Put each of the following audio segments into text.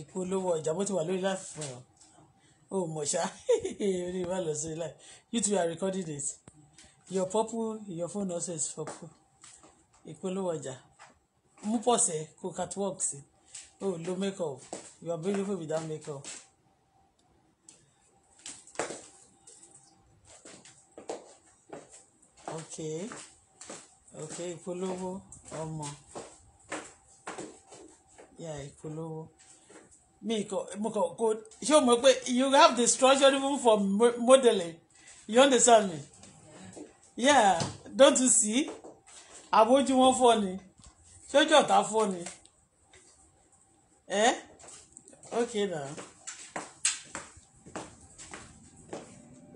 ìpolówó ọjà bó ti wà lórí láti fún ọ o mọ̀ ṣá orí wa lọ sí láì you two are recording it your purple your phone also is purple ìpolówó ọjà mú pọ̀ sẹ́ kó catwalk sí o lo make up you are beautiful without make up. okay okay ìpolówó ọmọ ya ìpolówó. Yeah, mi kò mo kò kò you have the structure even for modeling you understand me yeah don't you see àbójú wọn fọ ni ṣójú ọ̀tá fọ ni Eh? okay now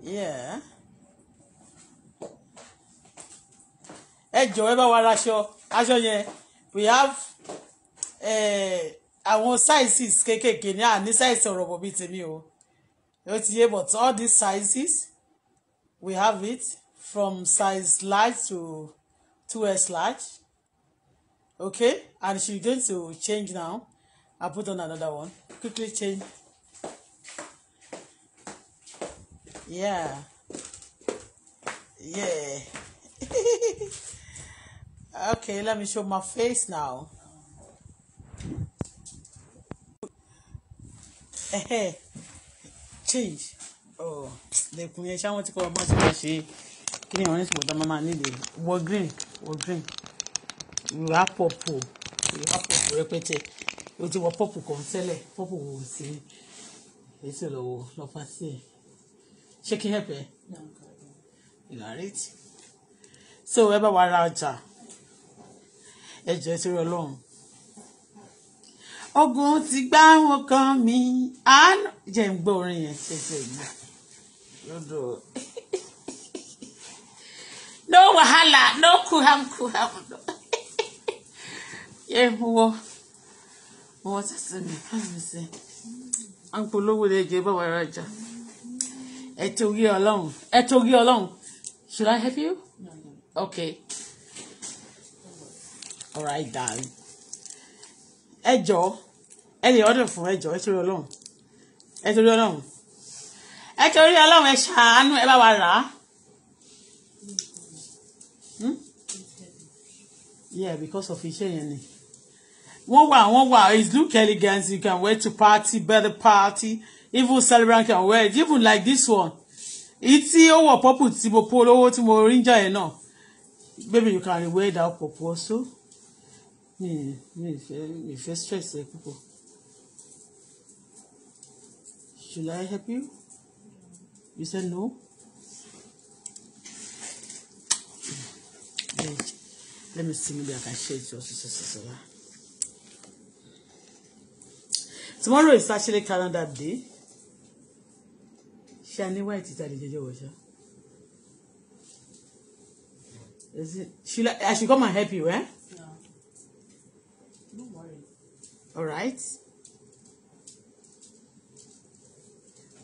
yeah ẹ jọ̀wọ́ ẹ bá wa raṣọ aṣọ yẹn we have. Uh, àwọn sizes kéékèèké ní àní size ọ̀rọ̀ bọ̀ bíi tèmi o ó ti yé but all these sizes we have it from size large to 2s large okay and she going to change now I put on another one quickly change yeah yeah okay let me show my face now. change oh, lẹ́kùn yẹn ṣáwọn tí kò wọ́n ti máa ṣe kí ni àwọn ní ṣùgbọ́n tá a máa nílò wọ green wọ green ìwà pọ̀pù ìwà pọ̀pù rẹpẹtẹ o ti wọ pọ̀pù kan tẹ́lẹ̀ pọ̀pù wò sí èyí sì lọ́wọ́ lọ́fà sí ẹ̀ ṣé kí help ẹ you are right so ẹ bá wa ra ọjà ẹ jẹ́ sí Ọlọ́run ogun ti gbá wọn kan mi àánú jẹ́ ń gbọ́ orin yẹn ṣẹ̀ṣẹ̀ ìgbà lọ́dọ̀ no wahala no kuham kuham no yẹ wọ wọ sẹsẹ mi fẹmi sẹ à ń polówó lẹjọ bá wà rájà ẹ torí Ọlọ́run ẹ torí Ọlọ́run should I help you okay all right darling ẹ jọ̀ọ́ ẹni ọdún fún ẹjọ ẹ torí Ọlọ́run ẹ torí Ọlọ́run ẹ torí Ọlọ́run ẹ ṣàánú ẹ bá wa rà á. Hmm? yeah because of iṣẹ́ yẹn ni wọ́n wà wọ́n wà it's look elegant you can wear to party birthday party even celebrant can wear it even like this one èyí tí ó wọ̀ pọ́pù tí mo po olówó tí mo rí ń yẹn náà baby you can wear that pọ̀pọ̀ so mi mi fẹ́ mi stress ẹ púpọ̀. Should I help you? You said no. Then, let me see. Maybe I can share it also. Tomorrow is actually calendar day. Shani, why is it Is it? Should I, I should come and help you, eh? No. Don't worry. All right.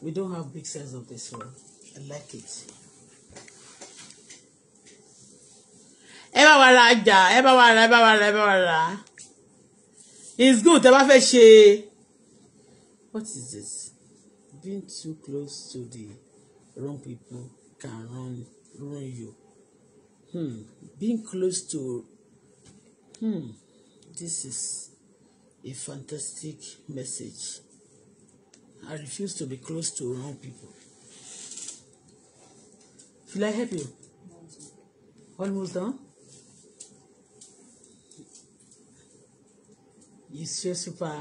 We don't have big size of this one. I like it. Ẹ bá wa ra It's good, tẹ bá fẹ́ What is this? Being too close to the wrong people can ruin ruin you. Hmm. Being close to hmm, this is a fantastic message. I refuse to be close to wrong people. Should I help you? Almost done? It's just super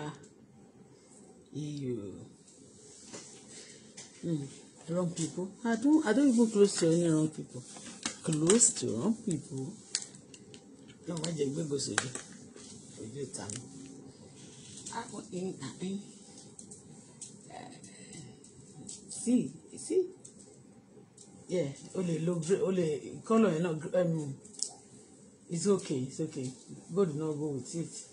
you. E mm, wrong people. I don't I don't even close to any wrong people. Close to wrong people. No, I just go to the time. I want in. see see yeah o lè lo o lè colour yẹn náà um, it's okay it's okay gold no go with it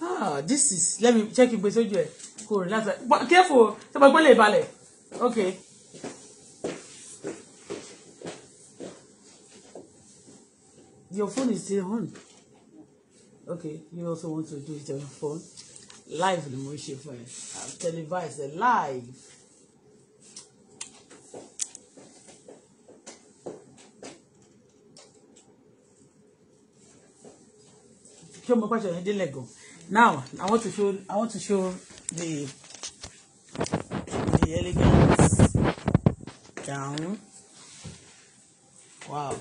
ah this is let me check ìgbé sójú ẹ kò rí láti careful tó bá gbọ́ lè balẹ̀ okay. Your phone is still on. Okay, you also want to do it on your phone. Live ni mo ṣe fún ẹ. I've televised a live. Show mo pàṣẹ yẹn délẹ̀ gan now i want to show i want to show the the elegance gown. wow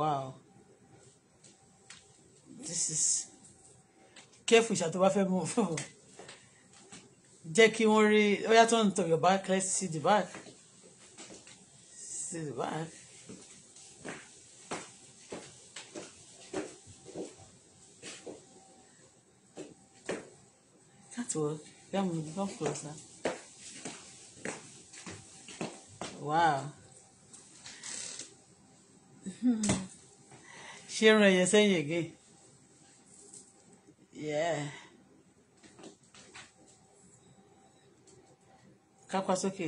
wow this is careful ṣá tó bá fẹ́ mú un fún un jẹ́ your back let's see the back see the back. for come one closer. Wow. Ṣé irun ẹ̀yẹ sẹ́yìn again? Yeah. Kápá sókè.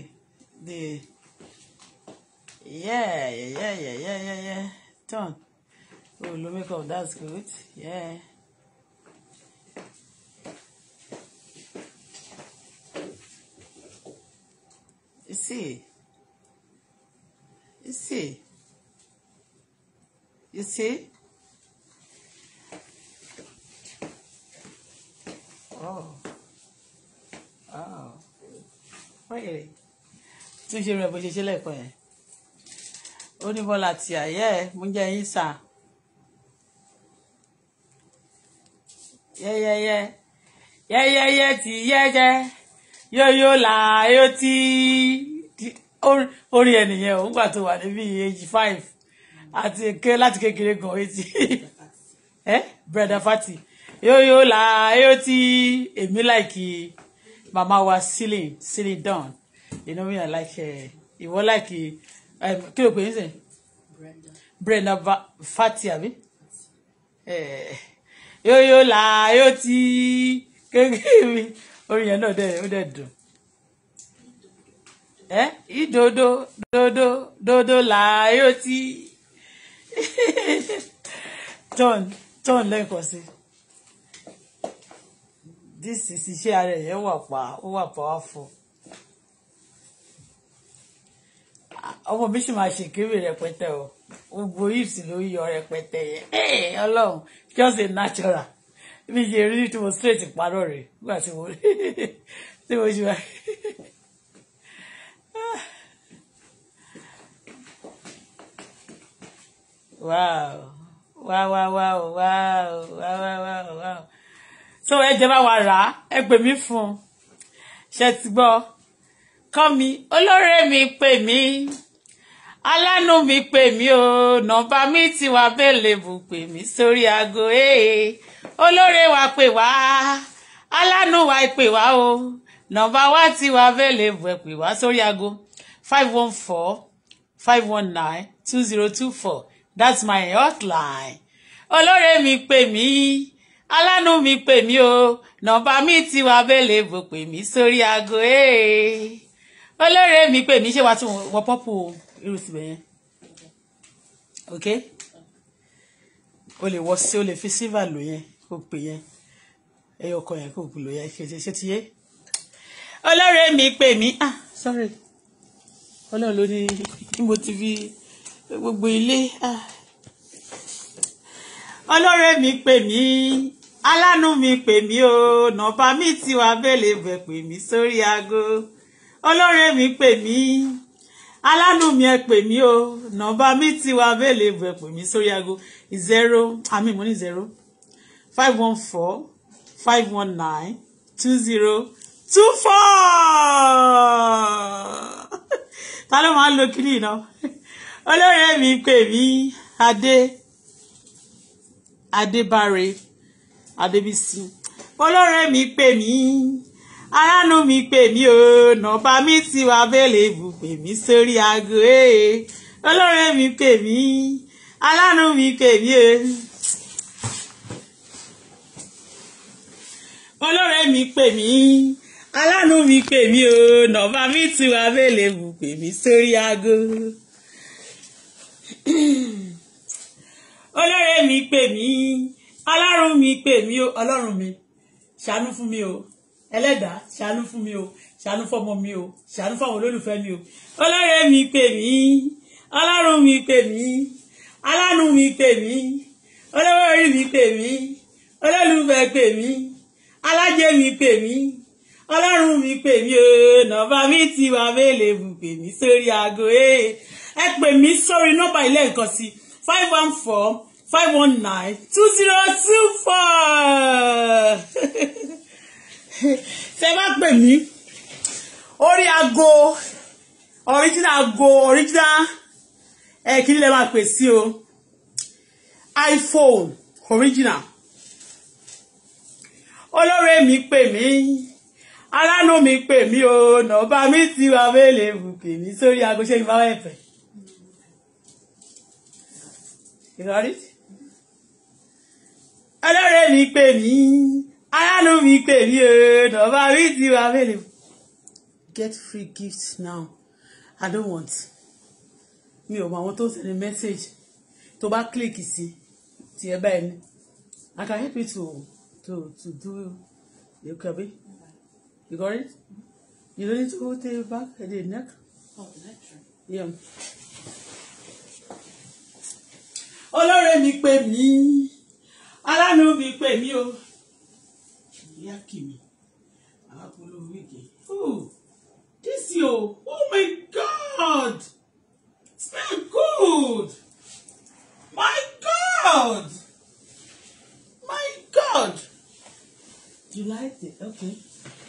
The yeah yeah yeah yeah yeah yeah turn. Oh, Lumiko, that's good. Yeah. see. You see. You see? Oh. Oh. Wait. Tún ṣe rẹ̀ bó ṣe ṣe lẹ́kọ̀ọ́ yẹn. Ó ní Bọ́lá ti àyẹ́ ẹ̀ mú jẹ́ yín sà. Yẹ́yẹ́yẹ́. Yẹ́yẹ́yẹ́ ti yẹ́jẹ́. Yóyó là yóò tí orí ẹnìyẹn ò ń gbà tó wà níbi age five àti ké láti kékeré gan etí ẹ eh, brother Fati yóò yóò la yóò tí èmi láìkì màmá wa sílìn sílìn down. you know me I like eh, ìwọ láìkì kí ló pè é sẹ Brenda Fati àbí eh, yóò yóò la yóò tí kékeré mi orí yẹn náà ó dẹ̀ dùn. Eh? idodo dodo dodo laayoti turn turn this is iṣẹ́ ara ẹ̀yẹ́ wà pa ó wà powerful ọmọ mi sì máa ṣe rẹpẹtẹ o gbogbo hips ló yọ rẹpẹtẹ yẹn eh, ọlọ́run just a natural mi ṣe rí tí mo straight parọ́ rẹ̀ nígbà tí mo ṣe wáyé. wow wow wow wow wow wow wow wow so ẹ jẹ́ bá wa rà á ẹ pè mí fún un ṣe ti gbọ́ kọ́ mi olóore mi pè mí alánú mi pè mí o nọ́mbà mi ti wà available pè mí sórí aago ee olóore wa pè wá alánú wa pè wá o nọ́mbà wa ti wà available ẹ pè wá sórí aago five one four five one nine two zero two four that's my hotline olóore mi pè mí alánú mi pè mí o nọ́mbà mi ti wà bẹ́lẹ̀ bò pè mí sórí aago ee eh. olóore mi pè mí ṣé wàá tún wọ pọ́pù irú tìbẹ̀ yẹn ok o lè wọ sí o lè fi silver lò yẹn kó pè yẹn ẹyọ ọkọ yẹn kó lò yẹn ṣe ṣe ti yé olóore mi pè mí ah sorry ọlọ́run ló ní mo gbogbo ilé ah. ọlọ́rẹ́ mi pè mí alánú mi pè mí o nọ̀bá mi ti wà bẹ́ẹ̀lẹ̀ bẹ̀ pè mí sórí aago ọlọ́rẹ́ mi pè mí alánú mi ẹ pè mí o nọ̀bá mi ti wà bẹ́ẹ̀lẹ̀ bẹ̀ pè mí sórí aago zero àmì mo ní zero five one four five one nine two zero two four ta ló máa ń lo kiri náà olóore mi pè mí adé adébáre adébísí olóore mi pè mí aránú mi pè mí o nọ́mbà mi ti wà bẹ́ẹ̀lẹ̀ bù pè mí sórí aago ee eh. olóore mi pè mí aránú mi pè mí o. olóore mi pè mí alánú mi pè mí o nọ́mbà mi ti wà bẹ́ẹ̀lẹ̀ bù pè mí sórí aago. olóore mi pè mí ọlọ́run mi pè mí o ọlọ́run mi ṣàánú fún mi o ẹlẹ́dàá ṣàánú fún mi o ṣàánú fọmọ mi o ṣàánú fáwọn olólùfẹ́ mi o olóore mi pè mí ọlọ́run mi pè mí alánú mi pè mí olówó orí mi pè mí olólùfẹ́ pè mí alájẹ mi pè mí ọlọ́run mi pè mí o nọ́mbà mi ti wà mélèbù pè mí sórí aago ee. Eh ẹ pè mí sórí nọ́mbà ilé nǹkan sí five one four five one nine two zero two four ṣe bá pè mí orí aago original aago original ẹ kí lè máa pè sí o iPhone original olóore mi pè mí alánú mi pè mí o nọ́ọ̀bá mi ti wà wẹ́lẹ̀ bù pè mí sórí aago ṣé ìbáwọ̀ ẹ̀fẹ̀. You got it? Ẹlẹ́rẹ̀ mi pè mí, aláàánú mi pè mí o, nọ̀bá mi ti wà mélòó. Get free gifts now. I don't want. Mi ò mọ àwọn tó ń send message tó bá click sí ti ẹ báyìí ní. I can help you to to to do you can be. You got it? You don't need to go take back the neck. Oh, the neck, Yeah olóore mi pè mí aláàánú mi pè mí o ìyá kì mí àwọn polówó ìgè this yo oh my god smell good my god my god you like it okay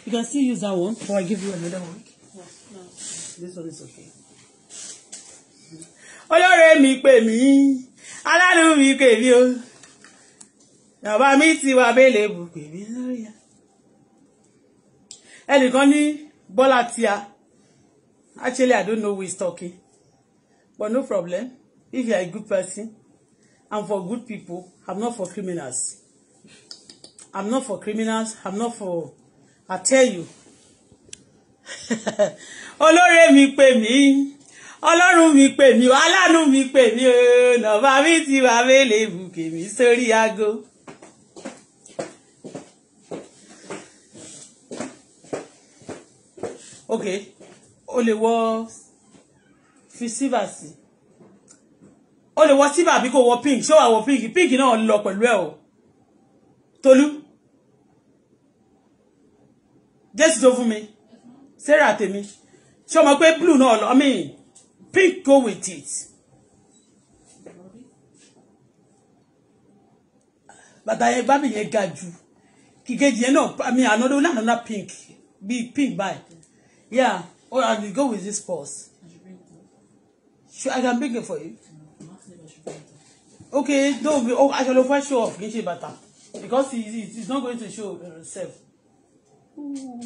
you can still use that one before I give you another one no, no. this one is okay olóore mi pè mí alánú mi pè mí o bàbá mi ti wà bẹ́ẹ̀lẹ̀ bù pè mí lórí ẹ̀ ẹnìkan ní Bọ́lá tíya actually I don't know who is talking but no problem if you are a good person I'm for good people I'm not for criminals I'm not for criminals I'm not for I tell you olóore mi pè mí ọlọ́run mi pè mí o aláàánú mi pè mí o nàbà mi ti wà mélé bùkè mí sórí aago. ok o lè wọ fi síbà sí o lè wọ síbà àbí kò wọ pink ṣé wàá wọ pink pink náà lọ pẹ̀lú ẹ o Tolú Jésù tó fún mi Sarah tèmi ṣé o mọ̀ pé blue náà lọ mí pick go with it. bàtà yẹn bá mi yẹn ga jù kìkejì yẹn náà mi ànádó lánàá pink bí pink báyìí yeah or i will go with this purse sure i can bring it for you okay don't be oh aṣọ ló fẹ́ show off kì í ṣe bàtà because he is he is not going to show himself. Ooh.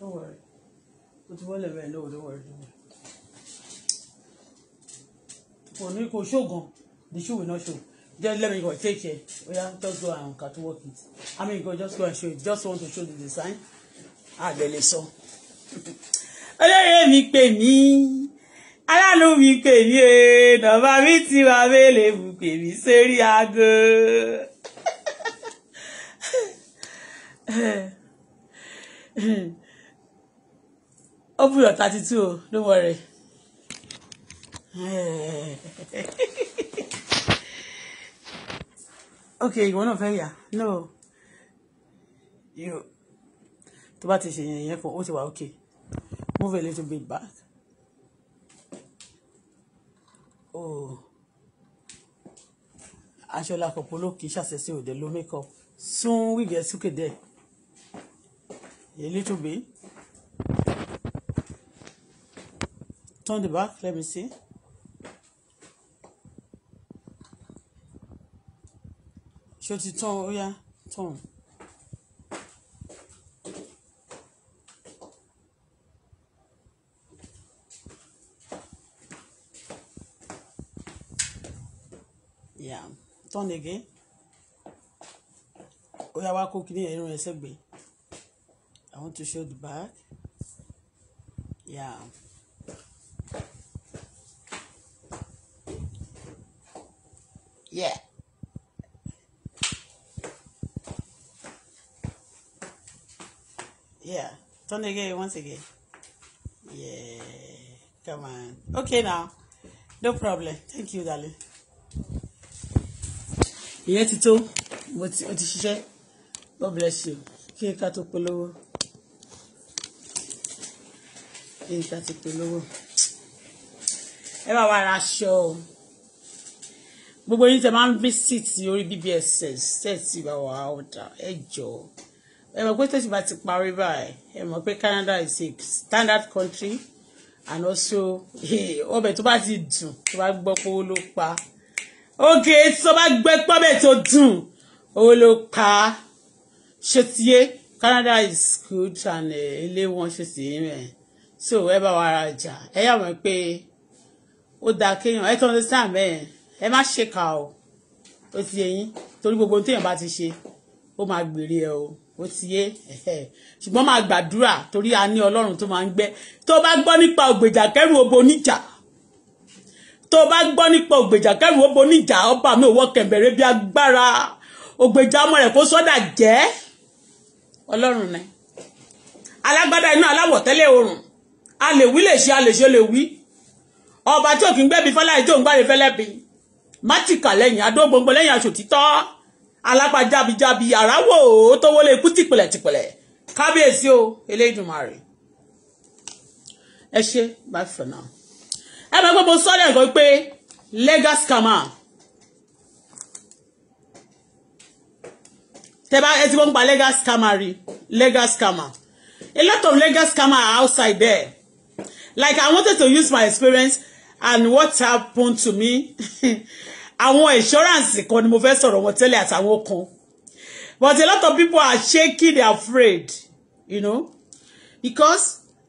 Don't worry. But you won't let me Don't worry. Don't worry. For me, go show gun. The shoe will not show. Just let me go take it. We have just go and cut work it. I mean, go just go and show it. Just want to show the design. Ah, the lesson. Olóyè mi pè mí, aláàánú mi pè mí ee, nọ̀bá mi ti wá mélèbù pè mí sórí aago. open your thirty two o don't worry. okay you wanna fail ya? no you To bá ti ṣe yẹn yẹn fún ó ti wà okay move a little bit back. Oh aṣọlá kọpọlọ kì í ṣàṣẹṣe òde ló make up soon we get sukede a little bit. turn the back. Let me see. Ṣé o turn. tán ó yá Yeah, turn again. Oh yeah, wá cooking? kíní ẹ̀rọ ẹ̀sẹ̀ gbé. I want to show the back. Yeah. Yeah. Yeah. Turn again once again. Yeah. Come on. Okay now. No problem. Thank you, darling. Ìyẹn ti tó. Mo ti o ti ṣiṣẹ́. God bless you. Kí ká tó polówó. Kí ká tó polówó. Ẹ bá wa ra aṣọ o gbogbo yín tẹ máa ń visit orí bbs tẹ̀sí bá wà ọ̀dà ẹ jọ ẹ mọ̀ pé tẹ̀sí bá ti parí báyìí ẹ mọ̀ pé Canada is a standard country and also ọbẹ̀ tó bá ti dùn tó bá gbọ́ pé ó ló pa oge tó bá gbẹ́ pọ́bẹ̀ tó dùn ó ló pa ṣé tiye Canada is good and eh, ilé wọn ṣe sí rẹ̀ so ẹ bá wa rajà ẹ yà mọ̀ pé ó dáa kéèyàn ẹ tó ń sáà mẹ́rin ẹ má ṣèkà o ó ti yẹ yín torí gbogbo ohun téèyàn bá ti ṣe ó máa gbèrè ẹ o ó ti yé ṣùgbọ́n máa gbàdúrà torí a ní ọlọ́run tó máa ń gbẹ́ tó bá gbọ́ nípa ògbèjà kẹ́rù obo níjà tó bá gbọ́ nípa ògbèjà kẹ́rù obo níjà ọba mi ò wọ kẹ̀mbẹ̀rẹ̀ bí agbára ògbèjà ọmọ rẹ̀ kó sọ́dà jẹ́ ọlọ́run ni alágbádá iná aláwọ̀tẹ́lẹ̀ oòrùn a lè wí lè ṣe a lè ṣe lè wí ọba tí òkè ń gbẹ́bí fọláyé tó ń gbáre fẹ́lẹ́bí mátìkà lẹ́yìn adógbòǹgbò lẹ́yìn aṣòtítọ́ alápàjábíjábí àráwò tó wọlé ikú tìpìlẹ̀ tìpìlẹ̀ kábíyèsí o elédùnmarè ẹ ṣe bye for now ẹ bẹ gbogbo sọ́ọ́dẹ̀ nǹkan pé legal scammer tẹ́bá ẹ ti wọ́n gba legal scammer rí legal scammer a lot of legal scammer are outside there like I wanted to use my experience and what happened to me àwọn insurance kan ni mo fẹ́ sọ̀rọ̀ wọn tẹ́lẹ̀ àtàwọn kan but a lot of people are shaking they are afraid you know because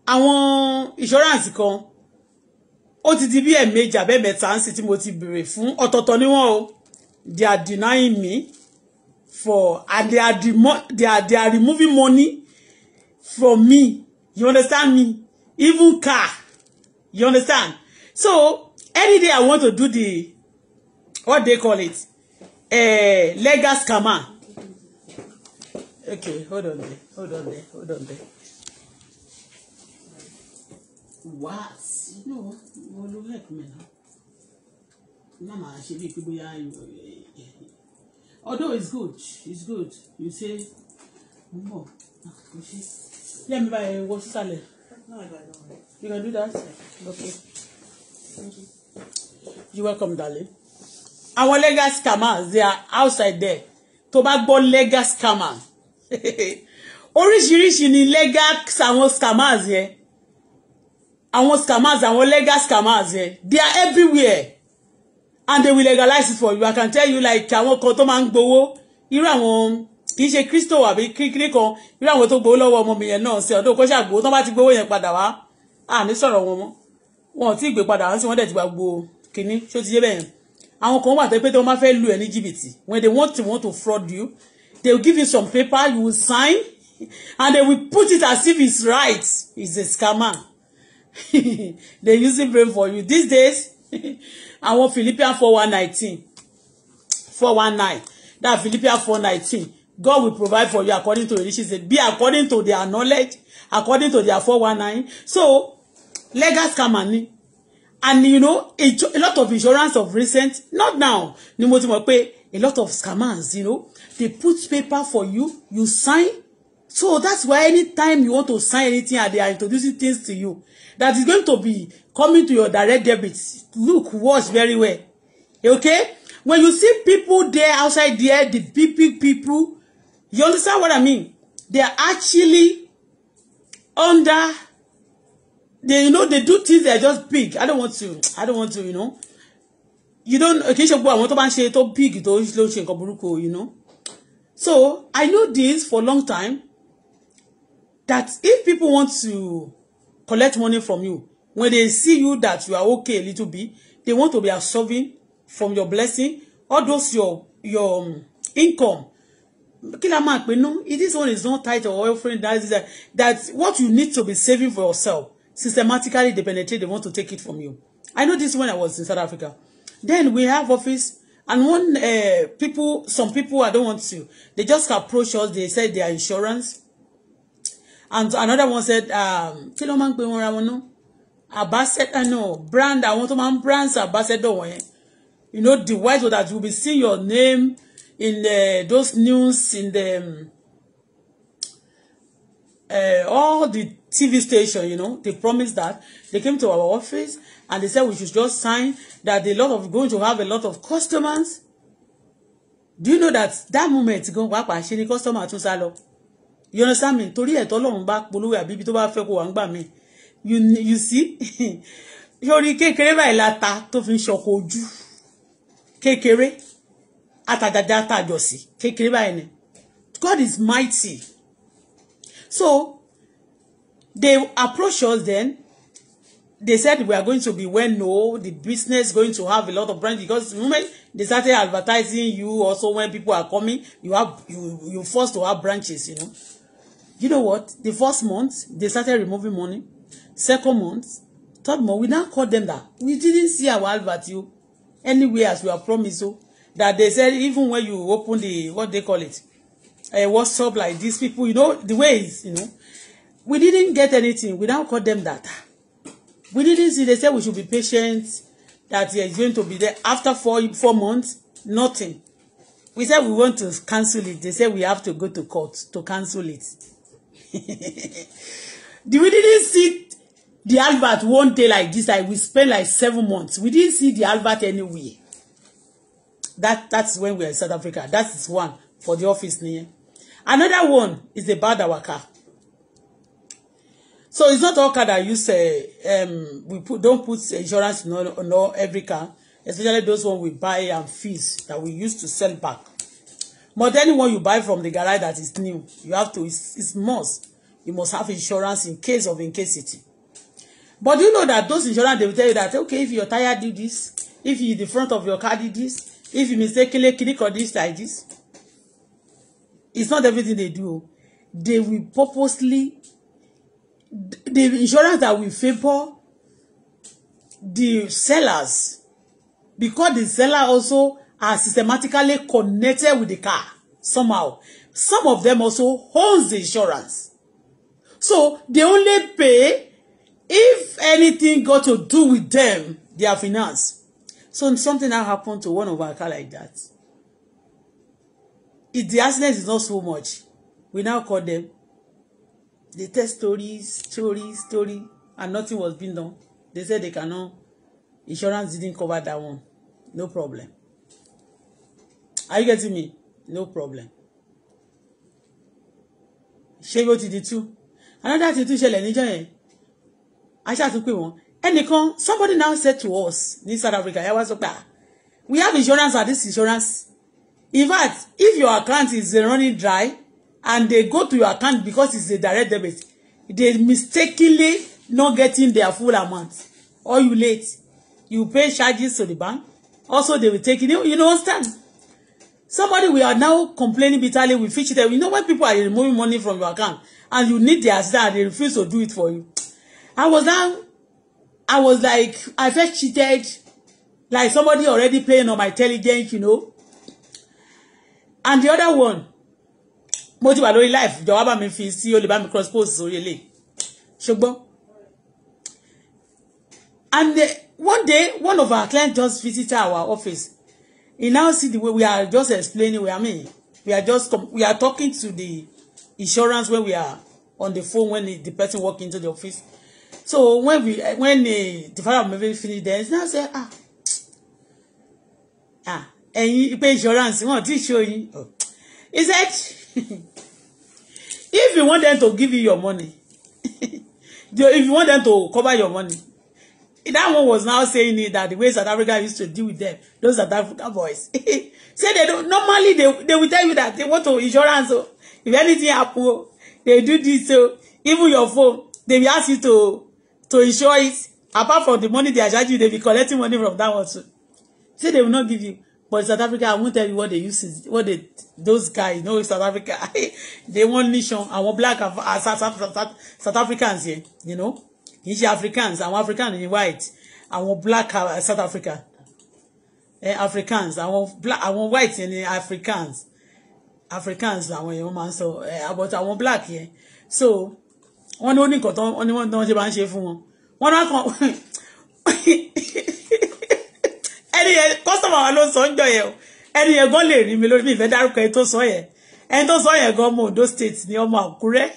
àwọn insurance kan ó ti di bí ẹ̀ẹ̀mejì àbẹ́ẹ̀mẹ́ta ń sì tí mo ti béèrè fún ọ̀tọ̀ọ̀tọ̀ ni wọ́n o they are denying me for and they are, they are, they are removing money from me you understand me even car you understand so any day I want to do the what they call it uh, legal scammer okay hold on there hold on there hold on there what no wọn ló help me now má máa ṣe bíi pé bóyá eh, although it's good it's good you say mo mọ ah, kò ṣe let me buy wọ sísàlẹ̀ you can do that okay thank you you welcome darling àwọn legal scammers they are outside there tó bá gbọ́ legal scammers oríṣiríṣi ni legal àwọn scammers yẹn àwọn scammers àwọn legal scammers yẹn they are everywhere and they will legalize it for you i can tell you like àwọn kan tó máa ń gbowó irú àwọn kì í ṣe kristo àbí kíkiri kan irú àwọn tó gbowó lọ́wọ́ ọmọ mi yẹn náà ṣe ọdún kó ṣàgbowó tó bá ti gbowó yẹn padà wá à ní sọ̀rọ̀ wọn mọ́ wọn ò tí ì gbé padà wá sí wọn dẹ̀ ti gba gbogbo kínní ṣó ti yé bẹ́ẹ̀ yẹn àwọn kan wà tó pé tí wọ́n máa fẹ́ lu ẹ̀ ní jìbìtì when they want to want to fraud you they will give you some paper you will sign and they will put it as if it's right it's a scammer they using brain for you these days àwọn Philippians four one nineteen four one nine that Philippians four nineteen God will provide for you according to your riches be according to their knowledge according to their four one nine so legal scammer ni and you know a, a lot of insurance of recent not now ni mo ti mọ̀ pé a lot of scammers you know they put paper for you you sign so that's why anytime you want to sign anything and they are introducing things to you that is going to be coming to your direct debit look watch very well okay when you see people there outside there the big big people you understand what I mean they are actually under they you know they do things they are just big i don't want to i don't want to you know you don't kì í ṣe gbogbo àwọn tó bá ń ṣe tó big tó ló ṣe nǹkan burúkú you know so i know this for long time that if people want to collect money from you when they see you that you are okay a little bit they want to be absorbing from your blessing all those your your um, income kí la máa pè ná this one is not tight or offering that is that, that what you need to be saving for yourself systematically they penetrate, they want to take it from you. I know this when I was in South Africa. Then we have office and one uh, people, some people I don't want to, they just approach us, they said their insurance. And another one said, um, kí ló máa ń pè wọ́n ra wọn náà? Ambassador, uh, brand, àwọn tó máa ń brands ambassador wọ̀nyẹn. Eh? You know, the white so that you be seeing your name in the, those news, in the, um, uh, all the TV station, you know, they promised that. They came to our office and they said we should just sign that a lot of going to have a lot of customers. Do you know that that moment gan wá pa customer tún sá lọ? You understand me? Torí ẹ̀tọ́ Ọlọ́run bá polówó àbí ibi tó bá fẹ́ kó wà ń gbà mí. You you see? Yorí kékeré báyìí to ta tó fi ń Kere, Ata Kékeré atajaja Josi. kékeré Kereba ni. God is mighty. So They approach us then. They said we are going to be well known, the business going to have a lot of brands because the moment they started advertising you also when people are coming, you have you you forced to have branches, you know. You know what? The first month they started removing money. Second month, third month, we now call them that we didn't see our advert you anywhere as we are promised so that they said even when you open the what they call it a WhatsApp like these people, you know the ways, you know we didn't get anything we now call them that we didn't see they said we should be patient that he is going to be there after four four months nothing we said we want to cancel it they said we have to go to court to cancel it we didn't see the advert one day like this like we spent like seven months we didn't see the advert anywhere that that's when we are in South Africa that is one for the office near another one is about our car So it's not all car that you say uh, um, we put don't put insurance in all, on all every car, especially those one we buy and fees that we used to sell back. But anyone you buy from the garage that is new, you have to it's, it's must. You must have insurance in case of incasity. But you know that those insurance they will tell you that okay if your tire did this, if you the front of your car did this, if you mistakenly click on this like this, it's not everything they do. They will purposely the insurance that will favor the sellers because the seller also are systematically connected with the car somehow. Some of them also holds the insurance. So they only pay if anything got to do with them, their finance. So something that happened to one of our car like that. If the accident is not so much, we now call them they tell stories story story and nothing was being done they said they cannot insurance didn't cover that one no problem are you getting me no problem ṣé bó ti di two another thing tún ṣẹlẹ̀ níjọ́ yẹn aṣáàtúnpè wọn ẹnìkan somebody now said to us ní South Africa yà wá sọ pé ah, we have insurance at this insurance in fact if your account is running dry and they go to your account because it's a direct debit they mistakenly not getting their full amount or you late you pay charges to the bank also they will take you. you know understand somebody we are now complaining bitterly we fix them you know when people are removing money from your account and you need their assistance and they refuse to do it for you I was now I was like I felt cheated like somebody already playing on my intelligence you know and the other one mo ti wà lórí live jọ̀wọ́ bá mi fi sí o bá mi cross post sórí ilé ṣùgbọ́n and the, one day one of our clients just visit our office he now see the way we are just explaining we are I mean we are just we are talking to the insurance when we are on the phone when the, person walk into the office so when we when the the father of maybe finish there he now say ah ah ẹ̀yin pay insurance wọn ti ṣe oyin he said. if you want them to give you your money if you want them to cover your money that one was now saying that the way South Africa used to deal with them those South Africa boys say they don't normally they they will tell you that they want to insurance so if anything happen they do this so even your phone they will ask you to to insure it apart from the money they are charging you they be collecting money from that one too say they will not give you But South Africa, I won't tell you what they use, what they, those guys, you know, South Africa, they want nation, àwọn black and South, South, South, South Africans here, you know, kì í ṣe Africans, àwọn Africans ni white, àwọn black uh, South Africa, eh, Africans, àwọn black, àwọn white ni Africans, Africans làwọn èèyàn máa So, sọ, eh, but àwọn black yẹn, so, wọ́n ní ó ní nǹkan tán, wọ́n ní wọ́n tán ṣe máa ń ṣe fún wọn, wọ́n náà kàn, ẹni yẹn kọ́sọ̀mọ̀ wa ló sọ o ẹni yẹn gan lè rí mi lórí mi ìfẹ́ dárúkọ ẹni tó sọ yẹn ẹni tó sọ yẹn gan ọmọ Ondo state ni ọmọ Àkúrẹ́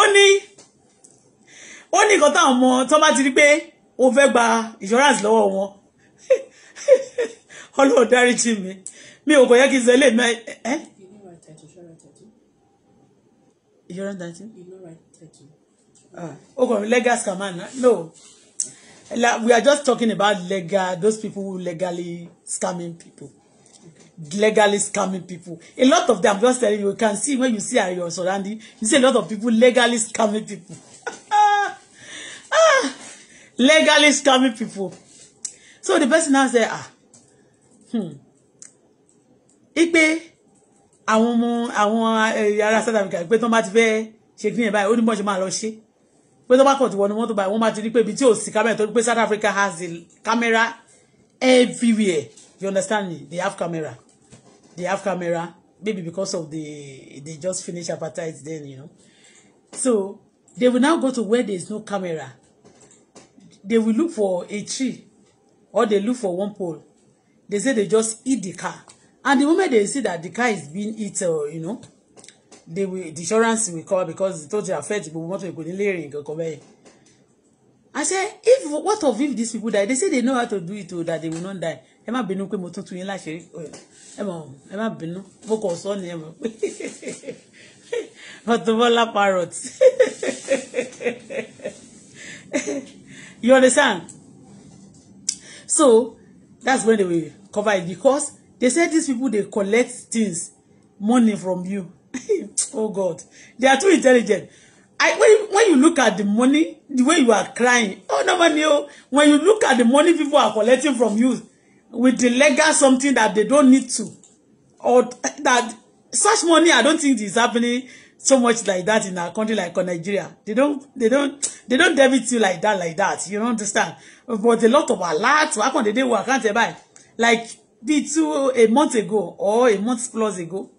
ó ní ó ní ọmọ tó bá ti pé o fẹ́ gba insurance lọ́wọ́ wọn ọlọ́run dáríjì mi mi ò kò yẹ kí n sọ like we are just talking about legal those people who legally scamming people legally scamming people a lot of them I'm just telling you you can see when you see your surrounding you see a lot of people legally scamming people ah, legally scamming people so the person now say ah hmm ipe àwọn ọmọ àwọn eh, ará South Africa pé tí wọn bá ti fẹ́ ṣe gbìyànjú báyìí ó ní bọ́n ṣe máa lọ ṣe pé tó bá kàn ti wọnú mọ́tò báyìí wọ́n máa ti rí pé ibi tí ò sí camera tó pé South Africa has the camera everywhere you understand me they have camera they have camera maybe because of the they just finish apartheid then you know so they will now go to where there is no camera they will look for a tree or they look for one pole they say they just eat the car and the moment they see that the car is being eaten uh, you know they will the insurance will cover because tó ti affect gbogbo mọ́tò ìkò nílé ìrìn kankan bẹ́ẹ̀. I say if what of if these people die they say they know how to do it o oh, that they will not die ẹ má bínú pé mo tún tún yín láṣẹ ẹ mọ ẹ má bínú mo kàn sọ ni ẹ mọ pé Auto parrot you understand so that's when they will cover it because they say these people dey collect things money from you oh God, they are too intelligent. I when when you look at the money, the way you are crying, oh no money, oh, when you look at the money people are collecting from you with the legal something that they don't need to, or that such money, I don't think is happening so much like that in our country like Nigeria. They don't, they don't, they don't debit you like that, like that. You don't understand. But a lot of alerts, what happened the day we can't buy, like be two a month ago or a month plus ago.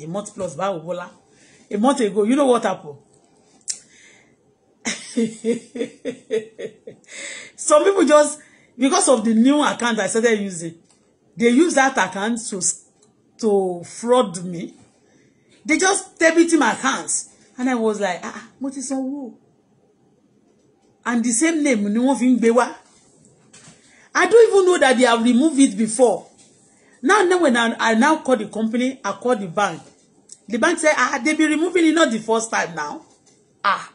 A month plus báwo Bọ́lá. A month ago, you know what happened? Some people just, because of the new account I started using, they use that account to, to fraud me. They just debited my accounts. And I was like, ah, mo ti sanwó. And the same name ni wọ́n fi ń gbé wá. I don't even know that they have removed it before. Now, now when I, I now call the company, I call the bank. The bank say, ah, they be removing it not the first time now. Ah.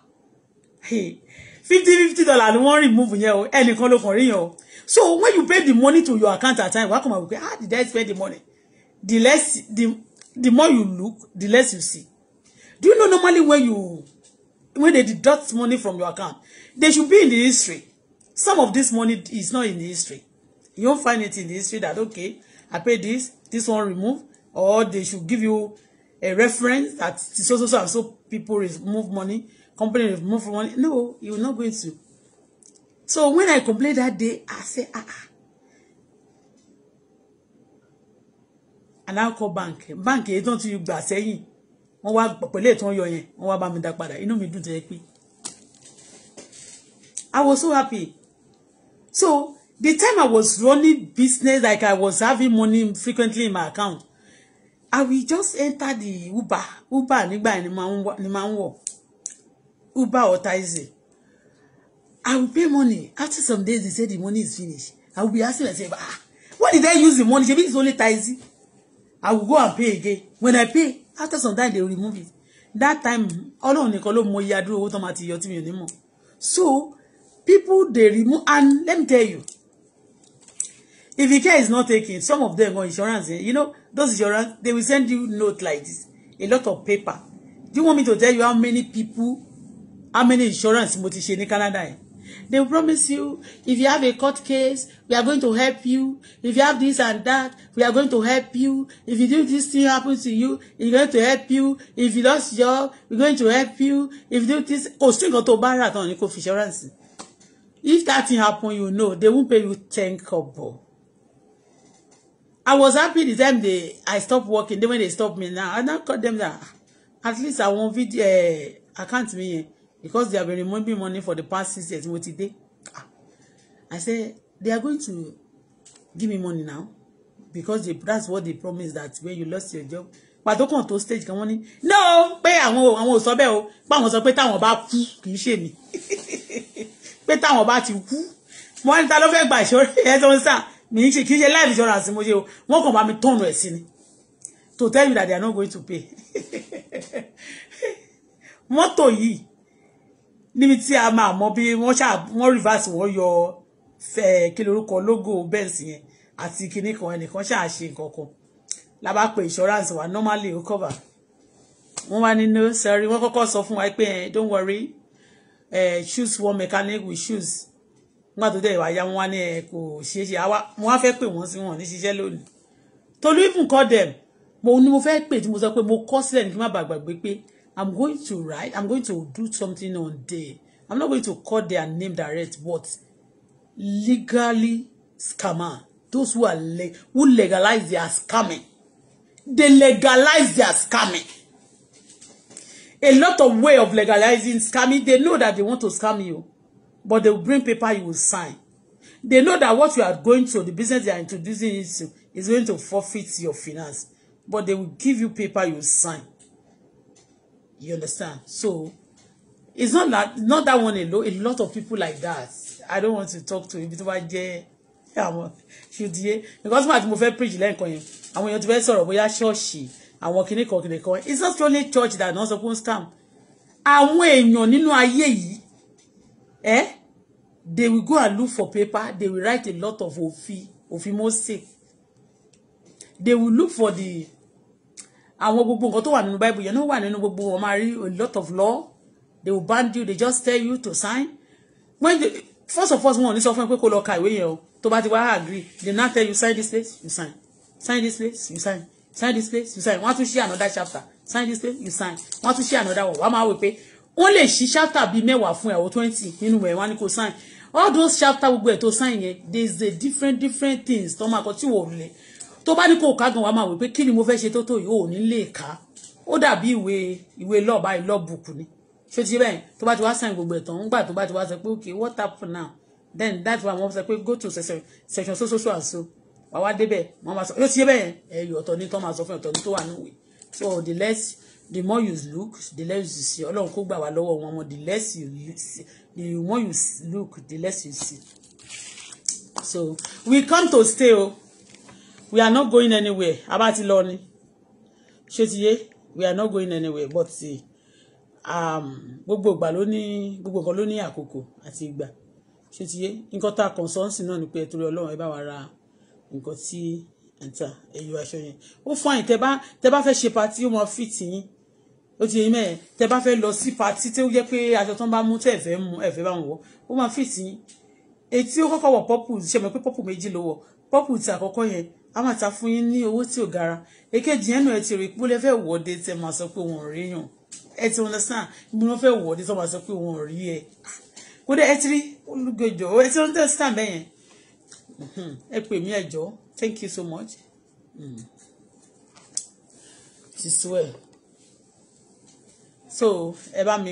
Hey. fifty fifty dollar ni wọ́n remove yẹn o ẹnìkan ló for rí yẹn so when you pay the money to your account at time wàá come máa wò pé ah did I spend the money the less the the more you look the less you see do you know normally when you when they deduct money from your account they should be in the history some of this money is not in the history you don't find it in the history that okay I pay this, this one remove, or they should give you a reference that so so so so people remove money, company remove money. No, you're not going to. So when I complain that day, I say ah, ah. And I call bank. Bank yìí eh, tán you. gbà sẹ́yìn. Wọ́n wá pẹ̀lú ìtàn yọ yẹn. Wọ́n wá bá mi dá padà. Inú mi dùn tó yẹ pé. I was so happy. So the time I was running business, like I was having money frequently in my account, I will just enter the Uber. Uber nígbà yẹn ni máa ń wọ̀. Uber or Taxi. I will pay money. After some days, they say the money is finished. I will be asking myself, ah, what did I use the money? Maybe it's only Taxi. I will go and pay again. When I pay, after some time, they will remove it. That time, Ọlọ́run nìkan ló mọ iye adúró owó tó máa ti yọ tí mi ò ní mọ̀. So, people, they remove, and let me tell you, if the care is not taken some of them on insurance eh? you know those insurance they will send you note like this a lot of paper do you want me to tell you how many people how many insurance mo ti ṣe ní Canada yìí eh? they promise you if you have a court case we are going to help you if you have this and that we are going to help you if you do this thing happen to you we are going to help you if you lost job we are going to help you if you do this kò sí nǹkan tó bá rà tán ní fi insurance if that thing happen you know they won't pay you ten kobo. I was happy the time they I stopped working. Then when they stopped me now, I now call them that at least I won't video uh, account me because they have been removing money for the past six years. What did they? I say they are going to give me money now because they, that's what they promised that when you lost your job. But don't come to stage come wọ́n ní no pé I àwọn I sọ bẹ́ẹ̀ o pé àwọn sọ pé táwọn bá kú kì í ṣe mi pé táwọn bá ti kú wọ́n ní ta ló fẹ́ gbà ìṣòro mi ń ṣe kì ṣe life insurance mo ṣe o wọ́n kàn bá mi tọ̀nù ẹ̀ sí ni to tell me that they are not going to pay mọ́tò yìí níbi tí a máa mọ bí wọ́n ṣáà wọ́n reverse wọ́n yọ fẹ́ kí lorúkọ logo benz yẹn àti kinní kan ẹnìkan ṣáà ṣe nǹkan kan la pe insurance wa normally ó cover wọ́n wá ní no sorry wọ́n kọ́kọ́ sọ fún wa pé don't worry uh, choose one mechanic we choose nígbà tó dẹ̀ wáyá wọn wá ní ẹ kò àwa mo wá fẹ́ pè wọ́n sí wọn ní ṣiṣẹ́ lónìí Tolu even call them mo ní mo fẹ́ pè tí mo sọ pé mo kọ́ sílẹ̀ ní kí n má bàa gbàgbé pé I'm going to write I'm going to do something on day I'm not going to call their name direct but legally scammer those who are le who legalize their scamming they legalize their scamming a lot of way of legalizing scamming they know that they want to scam you but they will bring paper you will sign. They know that what you are going to, the business they are introducing you to, is going to forfeit your finance. But they will give you paper you will sign. You understand? So, it's not that, not that one alone. A lot of people like that. I don't want to talk to you. Àwọn ṣùdíye because máa tí mo fẹ́ preach lẹ́ẹ̀kan yẹn àwọn èèyàn ti fẹ́ sọ̀rọ̀ working in àwọn kìnnìkan kìnnìkan it's not only church that not supposed to scam àwọn èèyàn nínú ayé yìí ẹ́ eh? they will go and look for paper they will write a lot of ofi òfin mose they will look for the àwọn gbogbo nǹkan tó wà nínú bible yẹn ló wà nínú gbogbo wọn máa rí a lot of law they will ban you they just tell you to sign when they first of all wọn ò ní sọ fún ẹ pé kó lọ ka ìwé yẹn o tó bá ti wá agree they now tell you sign this place you sign sign this place you sign sign this place you sign wọ́n tún ṣí another chapter sign this place you sign wọ́n tún ṣí another one wọ́n máa wò pé wọ́n lè ṣí chapter bíi mẹ́wàá fún ẹ̀ o twenty nínú ẹ̀ wọ́n á ní sign all those chapter gbogbo ẹ̀ to sign yẹn there is a different different things tó máa kọ tí wò lẹ̀ tó bá ní kó ká gan wa máa wò pé kí ni mo fẹ́ ṣe tó tó yìí ò ní lè ká ó dàbí ìwé ìwé lọ́ọ̀ báyìí lọ́ọ̀ bùkù ni ṣé ti bẹ́ẹ̀ tó bá ti wá sign gbogbo ẹ̀ tán ńgbà tó bá ti wá sọ pé okay what happen now then that one wọ́n sọ pé go to section section so so so and so wàá wá débẹ̀ wọ́n máa sọ yóò ti bẹ́ẹ̀ ẹ̀yọ̀ ọ̀tọ̀ ni tó máa sọ fún ọ̀tọ̀ ni tó wà níwèé so the less the more you look the less you see ọlọ́run kó gbà wá lọ́wọ́ wọn wọn the less you see the more you look the less you see so we come to stay o oh. we are not going anywhere abá ti lọ ni ṣé ti yé we are not going anywhere but um, gbogbo ìgbà ló ní gbogbo nǹkan ló ní àkókò àti ìgbà ṣé ti yé nǹkan tá a kàn náà ni pé torí ọlọ́run ẹ bá wa ra nǹkan tí ẹ̀ta ẹ̀yọ aṣọ yẹn ó fún àyìn tẹ bá fẹ́ ṣe patí ó máa fìtì yín ó ti yẹn mẹ́ẹ̀ tẹ bá fẹ́ lọ sí patí tí ó jẹ́ pé aṣọ tó ń bá mú tẹ̀ fẹ́ mú ẹ̀fẹ́ bá wọ̀ ó máa fit yín etí ó kọ́kọ́ wọ̀ pọ́pù ṣe mọ̀ pé pọ́pù méjì ló wọ̀ pọ́pù ti àkọ́kọ́ yẹn a máa ta fún yín ní owó tí ò gara èkejì yẹn nù ẹ ti rí pé lè fẹ́ wọ̀ọ́dẹ tẹ máa sọ pé òun rí yàn ẹ ti understand bí wọ́n fẹ́ wọ̀ọ́dẹ tẹ máa sọ pé òun rí ẹ kódà ẹ ti rí olùgbèjọ ẹ ti understand bẹ́ẹ̀ yẹn hmm, ẹ pè mí ẹjọ́ thank you so much. Mm. She swear so ẹ bá mi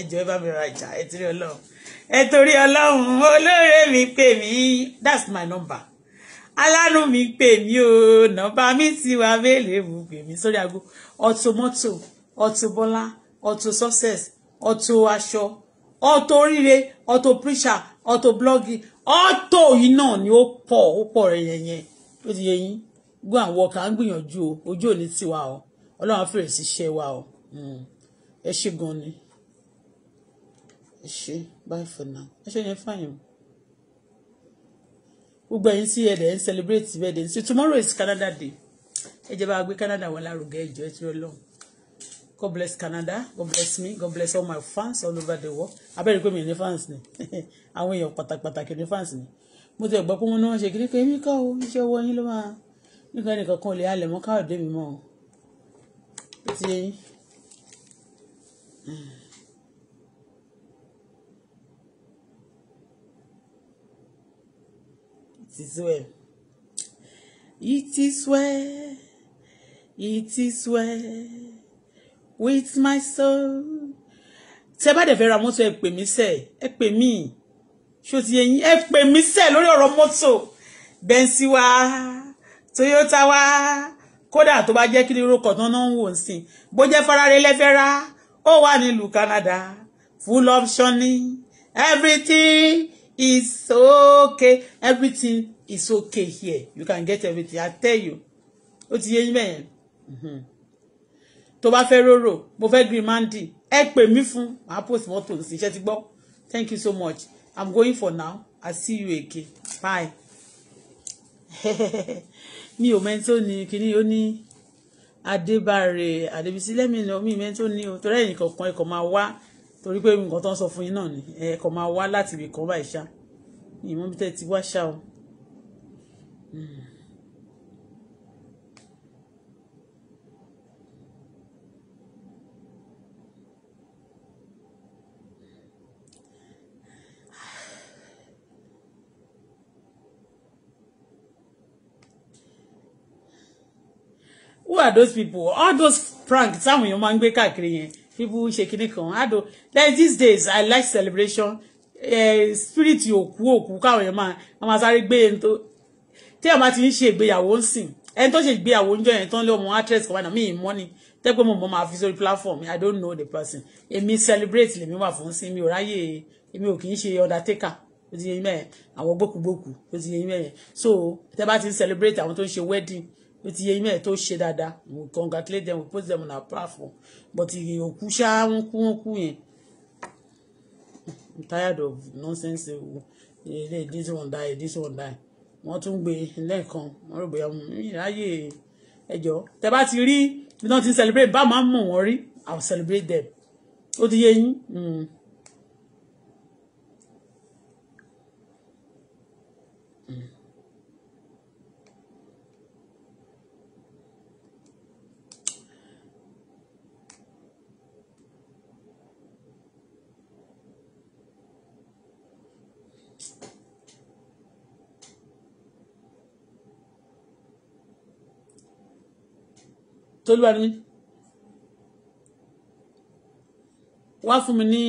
ẹjọ ẹ bá mi ra ìjà ẹ torí Ọlọ́run ẹ torí Ọlọ́run olóore mi pè mí that's my number alánú mi pè mí o nọ́mbà mi ti wà béèlè mú pè mí sórí aago Auto Mọ́tò Auto Bọ́lá Auto Success Auto aṣọ Auto oríire Auto preacher Auto blogging Auto yìí náà ni ó pọ̀ ó pọ̀ rẹ̀ yẹn yẹn ó ti yẹ yín gbọ́ àwọn ọkà ń gbìyànjú o ojú ò ní tiwa o ọlọ́run á fèrèsí iṣẹ́ wa o. Mm ẹ ṣe gan ni ẹ ṣe bye for now ẹ ṣe yẹn fáyìn gbogbo ẹ̀yin tí ẹ dẹ ń celebrate birthday so tomorrow is Canada Day ẹ jẹ́ bá gbé Canada wọn lárugẹ ìjọ ẹtí Ọlọ́run God bless Canada God bless me God bless all my fans all over the world abẹ́rẹ́ pé mi ní fans ni àwọn èèyàn pàtàkì ní fans ni mo ti gbọ́ pé wọ́n náà ṣe kiri pé èmi kọ́ o iṣẹ́ owó yín ló máa nígbà nìkan kan ò lè halẹ̀ mọ́ káwọ̀ dé mi mọ́ o ti yẹ yín. It is well. It is well. It is well with my soul. Tẹ́ bá dẹ̀ fẹ́ ra mọ́tò ẹ pè mí sẹ́, ẹ pè mí. Ṣé o ti yẹ yín? Ẹ pè mí sẹ́ lórí ọ̀rọ̀ mọ́tò. Bẹ́ńsì wa, Toyota wa, kódà tó bá jẹ́ kí ni orúkọ tán náà ń wò sí. Bó jẹ́ Ferrari lẹ́fẹ́ rá ó wà nílùú Canada full option ni everything is okay everything is okay here you can get everything i tell you ó ti yé yín bẹ́ẹ̀ yẹn mhm. tó bá fẹ́ rorò mo fẹ́ green mandi ẹ pè mí fún màá post mọ́tò sí iṣẹ́ ti gbọ́ thank you so much i'm going for now i see you again bye mi ò mẹ́ńtó ni kínní ó ní adébáre adébísí lẹ́mí lọ mí ìmẹ́ tó ní o torí ẹ̀yìn kọ̀ọ̀kan ẹ̀kọ́ máa wá torí pé nǹkan tó ń sọ fún yín náà ni ẹ̀kọ́ máa wá láti ibì kan báyìí ṣá ìmọ̀ bí tẹ́ ti wá ṣá o. Mm. who are those people all those pranks. táwọn èèyàn máa ń gbé káàkiri yẹn people ṣe kinní kan ado like these days i like celebration uh, spirit òkú òkú káwọn èèyàn máa wọn máa sáré gbé ẹni tó tí àwọn ti ń ṣe ìgbéyàwó ń sìn ẹni tó ṣe ìgbéyàwó ń jọ yẹn tó ń lé ọmọ actress kan wà náà mí ì mọ́ni tẹ́gbẹ́ mo mọ̀ máa fi sórí platform i don't know the person èmi celebrate lèmi wà fún sí mi ò ráyè èmi ò kì í ṣe undertaker ó ti yẹ yín mẹ́yẹn àwọn gbókùgbókù ó ti yẹ yín mẹ́yẹn so tẹ́ bá ti ń celebrate àwọn tó ń ṣe wedding ó ti yẹ email tó ṣe dáadáa we congratulate them we post them on our platform but òkú ṣá wọn kú wọn kú yẹn i'm tired of nonsense ilé this one die this one die wọ́n tún gbé lẹ́ẹ̀kan wọ́n rò bóyá ìráyè ẹjọ́ tẹ bá ti rí bí wọ́n ti celebrate bá máa ń mọ̀ wọ́n rí i celebrate them ó ti yẹ yín. Hmm. tolúwa ni mí wá fún mi ní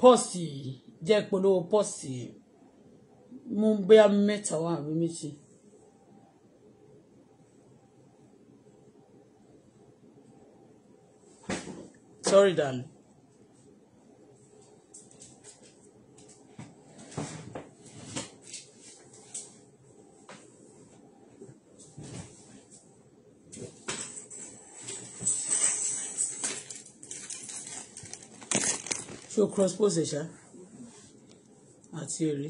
pọ́ọ̀sì jẹ́ polówó pọ́ọ̀sì mú bóyá mẹ́ta wá àbí méjì. Sorry, darling. cross pose ṣá àti èrè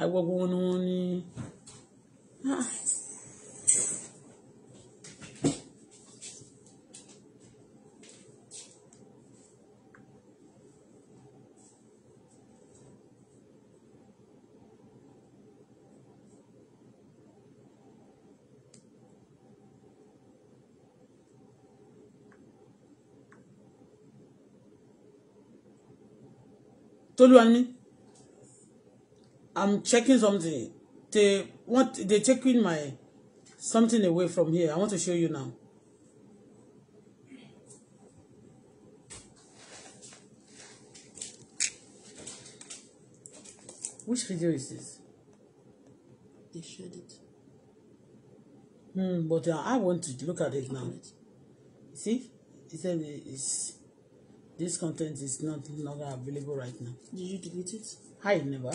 àgbọ̀gbọ̀ wọn ni wọ́n ní. Tolúwa ni I'm checking something they want they taking my something away from here I want to show you now. Which video is this? They shared it. Hmm, but uh, I want to look at it now. See? it's said it's This content is not longer available right now. Did you delete it? I never.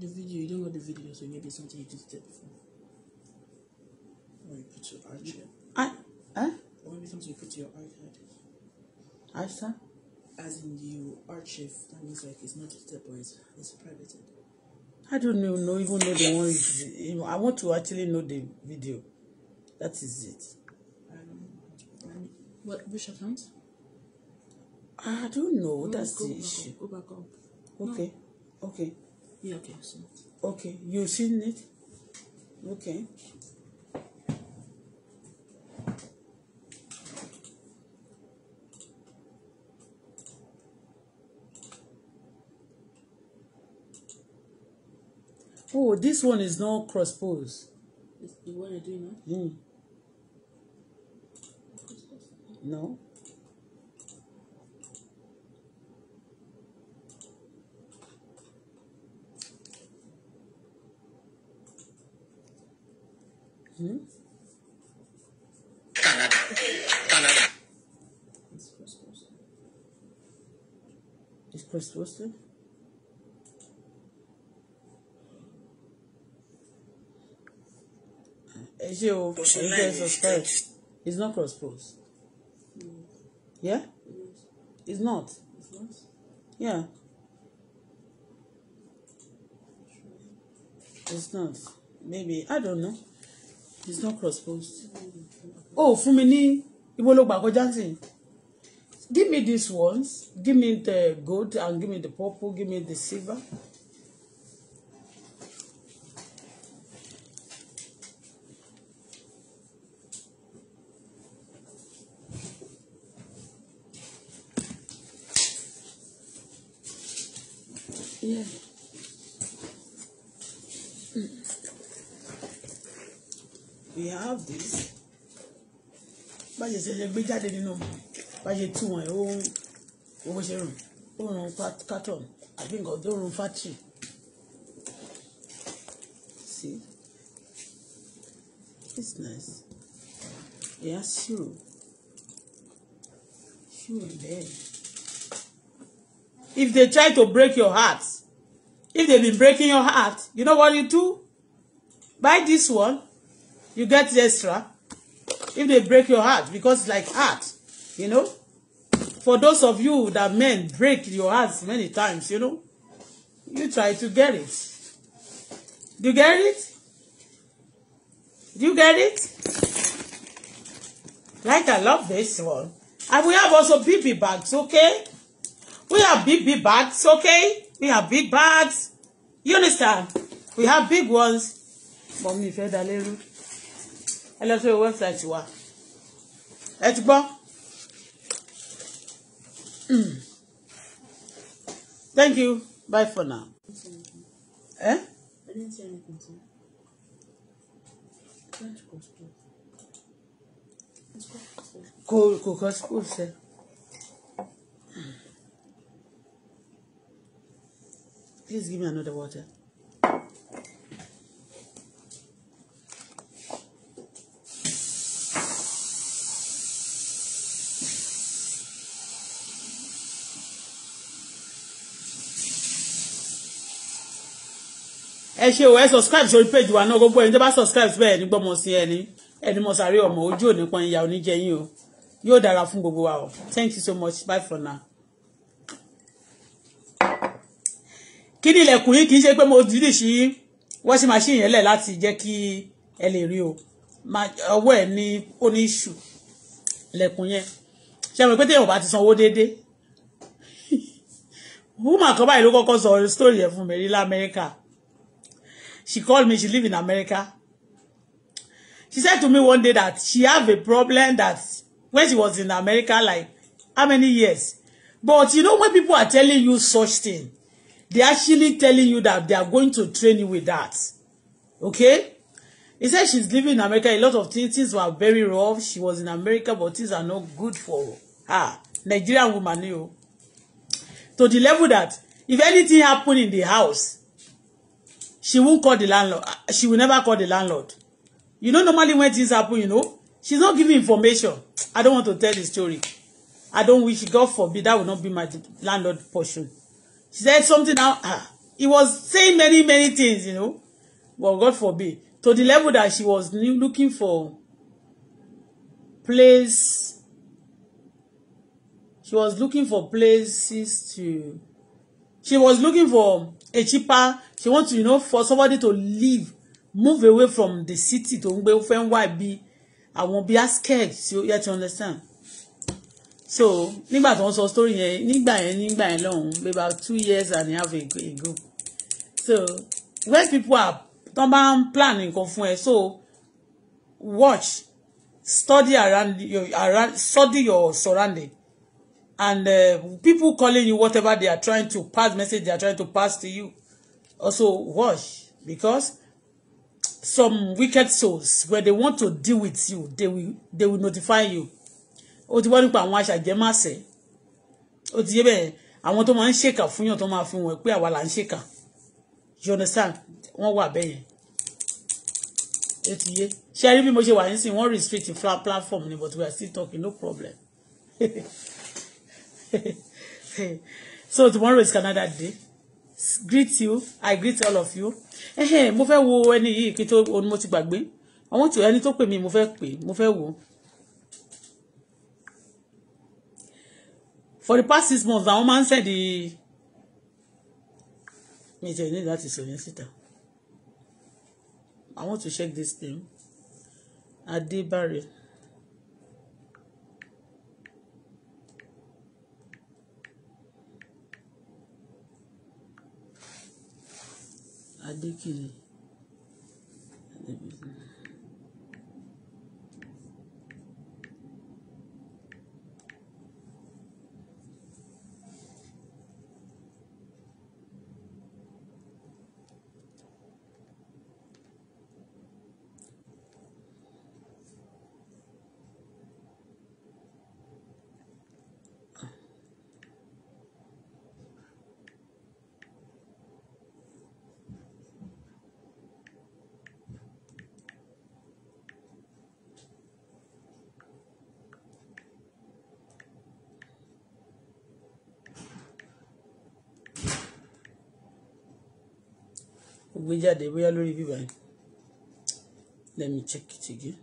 The video, you don't got the video, so maybe something you deleted before. Or you put your archive. I, eh? Or maybe something you put to your archive. After? As in you archive, that means like it's not deleted, but it's, it's privated. I don't know, no, even know the one is, you know, I want to actually know the video. That is it. Um, what, which account? I don't know. That's go the back issue. Up, go back up. Okay. No. Okay. Yeah, okay. So. Okay. You've seen it? Okay. Oh, this one is not cross pose. It's the one you're doing now? Mm. No. Hmm? Canada. Canada. Ist Frostrosted. Ist Frostrosted? Is she eh, okay? Is she suspect? It's not cross post. No. Yeah? Yes. It's not. It's not? Yeah. It's not. Maybe. I don't know it's not cross post oh fún mi ní ibo ló gbà kọjá sí give me these ones give me the gold and give me the purple give me the silver. Yeah. Mm we have this bá ṣe ṣẹṣẹ gbé jáde nínú bá ṣe tú wọn ó owó ṣe rùn ó rùn carton àbí nǹkan tó rùn factory see it's nice it has shoe shoe if they try to break your heart if they been breaking your heart you know what you do buy this one you get the extra if they break your heart because it's like heart you know for those of you that men break your hearts many times you know you try to get it do you get it do you get it like I love this one and we have also BB bags okay we have BB bags okay we have big bags you understand we have big ones mọ̀mí ìfẹ́ dalérú ẹ lọ sórí wẹ́bsáìtì wa ẹ ti gbọ́ thank you bye for now. Eh? I didn't say anything to you. Kò kò kọ́ sípò sẹ́. Please give me another water. ẹ ṣe o ẹ subscribe sórí page wa náà gbogbo ẹni tó bá subscribe síbẹ̀ ẹni gbọ́mọ sí ẹni ẹni mọ̀ sáré ọmọ ojú òní pọn ìyá oníjẹyìn o yóò dára fún gbogbo wa o thank you so much bye for now. kí ni ilẹ̀kùn yìí kì í ṣe pé mo dìídì sí washing machine yẹn lẹ̀ láti jẹ́ kí ẹ lè rí o ọwọ́ ẹ̀ ní ó ní ìṣù ilẹ̀kùn yẹn ṣe àwọn ìpínlẹ̀ yorùbá ti sanwó déédéé woman kan báyìí ló kọ́kọ́ sọ story yẹn fún mi rí lamẹ́ríkà She called me. She live in America. She said to me one day that she have a problem that when she was in America, like how many years? But you know when people are telling you such thing, they actually telling you that they are going to train you with that. Okay? He said she's living in America. A lot of things, things were very rough. She was in America, but things are not good for her. Ah, Nigerian woman, you. To the level that if anything happened in the house, she won't call the landlord. Ah, she will never call the landlord. You know, normally when things happen, you know, she's not giving information. I don't want to tell the story. I don't wish, God forbid, that would not be my landlord portion. She said something now. Ah, he was saying many, many things, you know. Well, God forbid. To the level that she was looking for place. She was looking for places to. She was looking for a cheaper she want to you know for somebody to live move away from the city to ń gbé fẹ́ ń wá ibi àwọn bí scared. So you yẹ to understand so nígbà tó ń sọ story yẹn nígbà yẹn nígbà yẹn lọ́hùn-ún about two years and a half ago so when people are tó bá ń plan nǹkan fún ẹ so watch study around your around study your surrounding and uh, people calling you whatever they are trying to pass message they are trying to pass to you also watch because some wicked souls when they want to deal with you they will they will notify you ó ti wá nípa àwọn aṣàjẹmásẹ ó ti yé bẹ́ẹ̀ àwọn tó máa ń ṣèkà fún yàn tó máa fi wọn pé àwa là ń ṣèkà you understand wọ́n wà bẹ́ẹ̀ yẹn ó ti yé ṣe rí bí mo ṣe wà nísìnyí wọ́n restrict platform ni but we are still talking no problem so tomorrow is another Day greet you I greet all of you mo fẹ́ wo ẹni yìí kí tó ohun mo ti gbàgbé àwọn tí ẹni tó pè mí mo fẹ́ pè mo fẹ́ wò for the past six months àwọn máa ń send the mi tẹ̀ ní láti sọ yẹn síta I want to check this thing Adébárẹ̀. Adékìrì. gbé jáde bóyá lórí bíbá yìí let me check it again.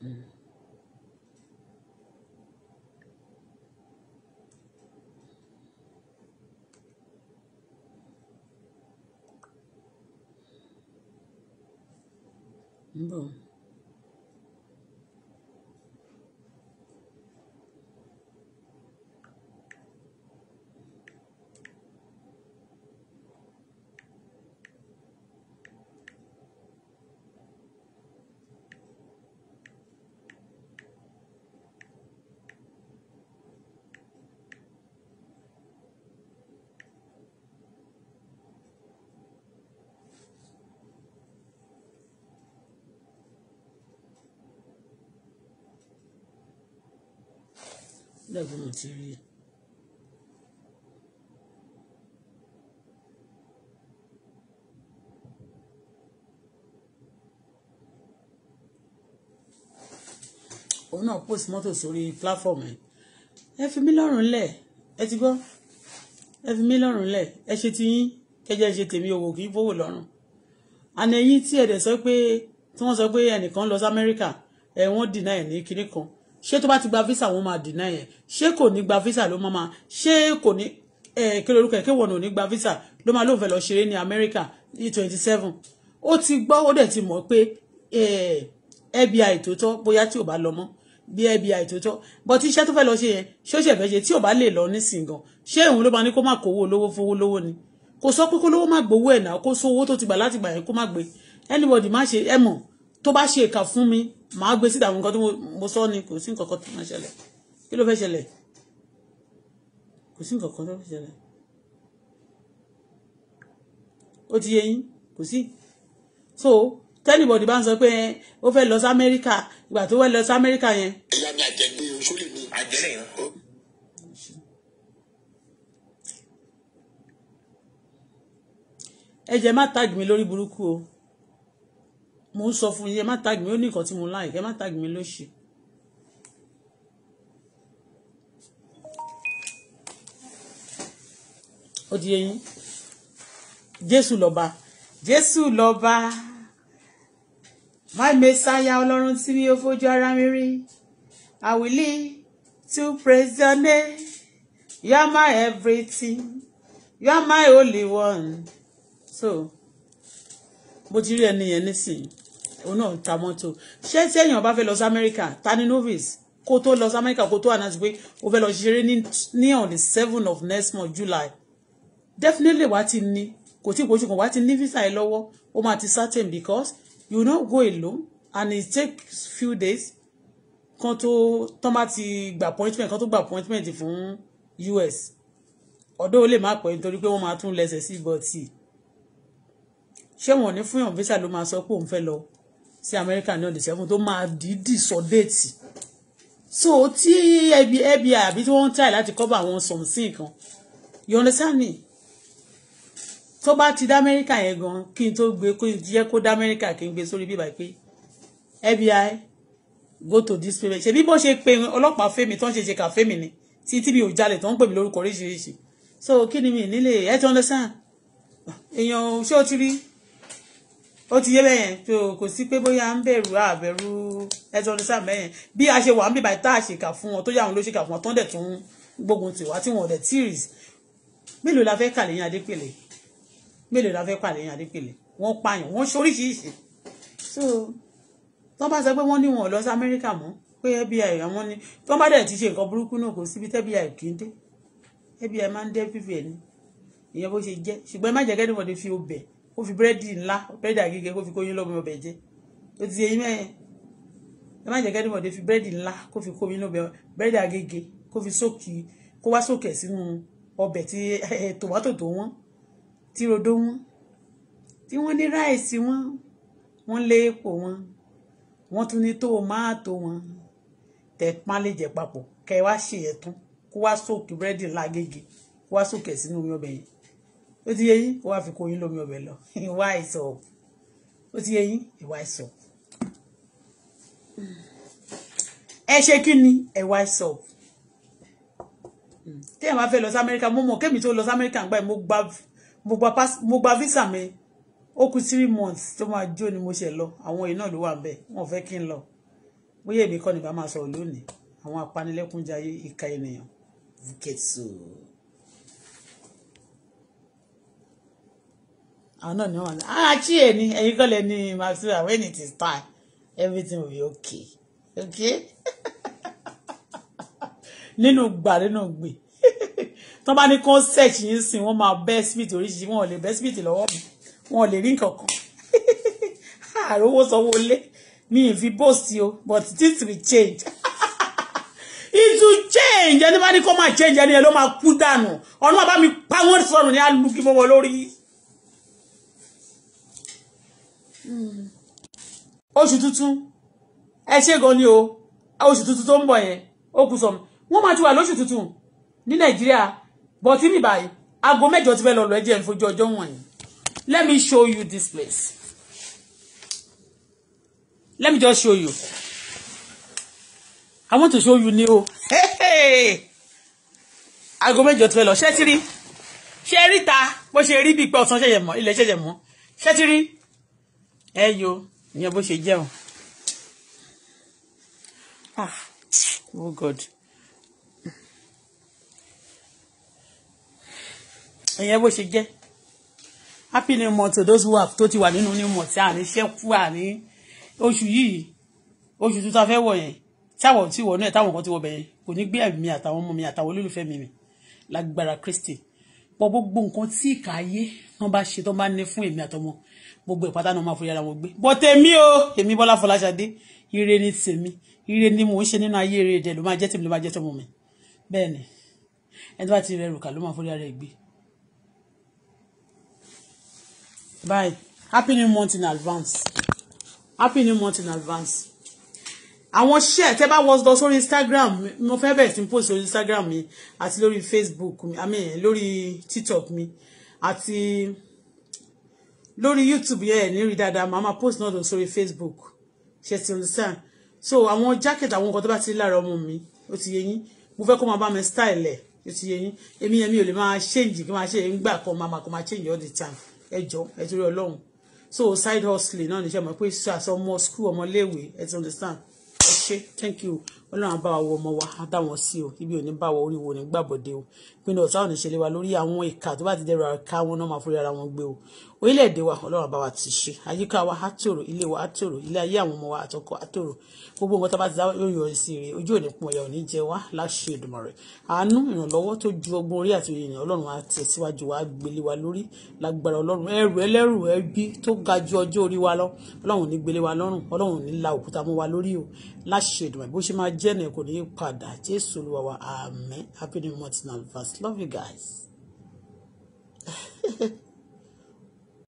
Hmm. lẹ́gbẹ̀ẹ́ mi ti rí i. òun náà post mọ́tò sórí platform ẹ̀ ẹ fi mí lọ́rùn lẹ̀ ẹ ti gbọ́ ẹ fi mí lọ́rùn lẹ̀ ẹ ṣe ti yín kẹjẹ ṣe tèmi òwò kì í fowó lọ́rùn àná ẹ̀yin tí ẹ̀dẹ̀ sọ pé tí wọ́n sọ pé ẹnìkan lọ sí Amẹ́ríkà ẹ̀ wọ́n dìnnà ẹ̀ ní kinní kan ṣé tó bá ti gba visa wọn máa deny ẹ̀ ṣé kò ní gba visa ló máa ṣé kò ní kí lorúkọ ẹ̀ kéwọ̀n ò ní gba visa ló máa lóun fẹ́ lọ ṣeré ní America ní twenty seven ó ti gbọ́ ó dẹ̀ ti mọ̀ pé FBI tó tọ́ bóyá tí ò bá lọ mọ́ bí FBI tó tọ́ bọ́ tí iṣẹ́ tó fẹ́ lọ ṣe yẹn ṣé ó ṣe fẹ́ ṣe tí ò bá lè lọ nísìnyí gan ṣé òun ló máa ní kó má kówó lówó fowó lówó ni kò sọ pé kó lówó má gbowó ẹ̀ náà kó sọ tó ti gbà láti gbà yẹn kó má gbé anybody má ṣe ẹ mọ̀ tó bá ṣe ìkà fún mi màá gbé síta nǹkan tí mo sọ ni kò sí nǹkan kan tó máa ṣẹlẹ̀ kí ló fẹ́ ṣẹlẹ̀ kò sí nǹkan kan tó fẹ́ ṣẹlẹ̀ ó ti yẹ kò sí so tẹ́nìbọ̀dì bá ń sọ pé ó fẹ́ lọ sí amẹ́ríkà ìgbà tó fẹ́ lọ sí amẹ́ríkà yẹn. ìyá mi àjẹgbé oṣù lè ní àjẹrẹ̀ yẹn. ẹ jẹ́ má tag mi lórí burúkú o mo ń sọ fún yín ẹ má tag mi ó ní nǹkan tí mo like ẹ má tag mi lóṣì. ó di eyín jésù lọ́ba jésù lọ́ba my messiah ọlọ́run tí mi ò fojú ara mi rí i will live to praise your name you are my everything you are my only one so mo ti rí ẹni yẹn nísìnyí òun náà ta mọ́tò ṣé tí èèyàn bá fẹ́ lọ sí amẹ́ríkà ta ni novice kó tó lọ sí amẹ́ríkà kó tó announce pé o fẹ́ lọ ṣeré ní on the seven of next month july definitely wá ti ní kò tí kò tí kò wá ti ní visa ẹ lọ́wọ́ ó máa ti certain because you no go alone and it takes few days kan tó tán bá ti gba appointment kan tó gba appointment fún us ọ̀dọ́ ó lè má pẹ́ nítorí pé wọ́n máa tún lẹ́sẹ̀ sí bọ́ọ̀tì ṣé wọn ò ní fún yàn visa ló máa sọ pé òun fẹ́ lọ sí Amẹ́ríkà ní on the seven tó máa dídì sọ déètì so tí FBI àbí tí wọ́n ń tàì láti cover àwọn something kan you understand me tó bá ti dá Amẹ́ríkà yẹn gan kí n tó gbé kó jẹ́ kó dá Amẹ́ríkà kí n gbé sórí bíbá pé FBI go to this place ṣebí bó ṣe pe ọlọ́pàá fẹ́mi tó ń ṣe ṣe kà fẹ́mi ni tí tí mi ò jalè tó ń pè mí lórúkọ oríṣiríṣi so kí ni mi nílé ẹ ti understand èèyàn ṣé o ti rí ó ti yé bẹ́yẹn tó kò sí pé bóyá ń bẹ̀rù àbẹ̀rù ẹ̀sọ́ ní sáà mẹ́yẹn bí a ṣe wà ń bíbá tá a ṣèkà fún wọn tó yà wọn ló ṣèkà fún wọn tó ń dẹ̀ tún gbógun tiwa tí wọn ò dẹ̀ tíìrìs mélòó la fẹ́ kà lẹ́yìn adépèlé mélòó la fẹ́ kà lẹ́yìn adépèlé wọ́n pààyàn wọ́n ṣoríṣiríṣi so tó bá sọ pé wọ́n ní wọn lọ sí amẹ́ríkà mọ́ pé FBI àwọn ni tó bá dẹ̀ ti ṣe nǹkan burúkú náà kò síbi tẹ́bíà kì FBI máa ń dé pva ni ìyẹn bó ṣe jẹ́ ṣùgbọ́n ẹ má jẹ́ kẹ́ni wọ́n ti fi obẹ̀ kó fi búrẹ́dì ńlá búrẹ́dì àgègè kó fi kóyún lọ́mọ ọbẹ̀ jẹ́ ó ti yẹyin mẹ́rin ẹ má jẹ́ kẹ́dùmọ̀dé fi búrẹ́dì ńlá kó fi kóyún lọ́mọ búrẹ́dì àgègè kó fi sókè kó wá sókè sínú ọbẹ̀ tí tòmátò tó wọ́n tí rodo wọ́n tí wọ́n ní ráìsì wọ́n wọ́n lé epo wọn wọ́n tún ní tómátò wọn tẹ̀ pálẹ̀jẹ̀ papọ̀ kẹ́ wá ṣe ẹ̀tún kó wá sókè búrẹ́dì ńlá àgègè kó wá sókè sínú ọbẹ̀ yẹn ó ti yé yín wàá fi kó yín lómi ọbẹ̀ lọ ìwà àìsàn ó ti yé yín ìwà àìsàn ẹ ṣe kí ni ẹ̀wà àìsàn tí ẹ̀ máa fẹ́ lọ sí amẹ́ríkà mo mọ̀ kémi tó lọ sí amẹ́ríkà gbà mo gba visa mi ó kù three months tó máa jó ni mo ṣe lọ àwọn èèyàn náà ló wà bẹ́ẹ̀ wọ́n fẹ́ kí n lọ bóyá èmi kọ́ ni bá máa sọ̀rọ̀ lónìí àwọn apanilẹ́kúnjayé ìka ènìyàn. vuketsu. àwọn náà ni wọ́n wà ah chie ni ẹ̀yin kọ́lẹ̀ ni maxwell when it is time everything will be okay okay nínú gbà nínú gbè tó bá ní kó search yín sìn wọ́n máa bẹ́ spiriti oríṣiríṣi wọn ò lè bẹ́ spiriti lọ́wọ́ mi wọn ò lè rí nǹkan kan àròwó ah, sanwó lé mi ì fi boast o but things will change it will change ẹni bá ní kó máa change ẹni ẹ ló máa kú dànù ọ̀nà bàbá mi pa wọ́n sọ̀rọ̀ ní alùpùpù wọn lórí. oṣù tuntun ẹ ṣe gan ni o oṣù tuntun tó ń bọ̀ yẹn ó kù sọ̀mù wọ́n máa ti wà lóṣù tuntun ní nàìjíríà but ní báyìí aago mẹ́jọ ti fẹ́ lọ lọ ẹ jẹ́ ń fojú ọjọ́ wọ̀nyí let me show you this place let me just show you i want to show you ni o aago mẹ́jọ ti fẹ́ lọ ṣẹ́tírí ṣe ríta bó ṣe rí bí pé ọ̀sán ṣẹ̀yẹ̀ mọ́ ilẹ̀ ṣẹ̀yẹ̀ mọ́ ṣẹ́tírí ẹ yo ìyẹn bó ṣe jẹ́ o ah oh god ìyẹn bó ṣe jẹ́ happy new month to those who have tó ti wà nínú new month àní ṣẹ́kù àní oṣù yìí oṣù tó ta fẹ́ wọ̀ yẹn táwọn tí wọ̀ náà táwọn kan ti wọ̀ bẹ̀ yẹn kò ní gbé ẹ̀mí àtàwọn ọmọ mi àtàwọn olólùfẹ́ mi mi lágbára Kristi pọ̀ gbogbo nǹkan tí ìkà ayé wọn bá ṣe tó bá ní fún èmi àtọmọ gbogbo ìpátá náà máa forí ara wọn gbé bọ́ tèmi o èmi Bọ́lá Fọláṣadé ire ni tèmi ire ni mò ń ṣe nínú ayé ire ìdẹ̀ ló máa jẹ́ tèmi ló máa jẹ́ tọmọ mi bẹ́ẹ̀ ni ẹni tó bá ti rẹ rùkà ló máa forí ara gbé. bye happy new month in advance happy new month in advance àwọn ṣẹ́ tẹ́ bá wọ́n lọ sórí instagram mo fẹ́ bẹ̀rẹ̀ sí ní post lórí instagram mi àti lórí facebook mi i mean lórí tiktok mi àti. Àti lórí youtube yẹn ní rí dáadáa màá máa post náà lọ sórí facebook ṣe ti understand so àwọn jacket àwọn nǹkan tó bá ti lára ọmọ mi ó ti yé yín mo fẹ́ kó máa bá mi style ẹ̀ ó ti yé yín èmi yẹn mi ò lè máa change kí máa ṣe ń kan máa kó máa change all the time ẹ jọ ẹ torí ọlọ́run so side hustling. náà níṣẹ́ mọ̀ pé sọ àṣọ ọmọ school ọmọ léèwé ẹ ti understand ẹ ṣe ṣe thank you ọlọ́run àbá wọ ọmọ wa àtàwọn sí o ibi ò ní bá wọ orí wo ní gbàbọ̀dé o pinnu ọ̀tá ò ní ṣẹlẹ̀ wa lórí àwọn ìka tó bá ti dẹrù àká wọn náà máa fúri ara wọn gbé o orílẹ̀-èdè wa ọlọ́run àbá wa ti ṣe àyíká wa á tòrò ilé wa á tòrò ilé ayé àwọn ọmọ wa àtọkọ á tòrò gbogbo nǹkan tó bá ti dá yóò yọrí sí rè ojú òní pọn ọ̀yà òní jẹ wá láṣẹ Èdùmàrè àánú ìrànlọ́wọ́ tó ju ọgbọ́n orí àti òye ọlọ́run á tẹ̀ síwájú wa gbélé wa lórí lágbára ọlọ́run ẹrù ẹlẹ́rù ẹbí tó ga ju ọjọ́ orí wa lọ ọlọ́run ní gbélé wa lọ́rùn ọlọ́run ní la òkúta mọ́ wa lórí o lá ṣèdùn bó ṣe máa jẹ́ ní kò ní padà jésù olúwa wa àmín happy new month in advance love you guys.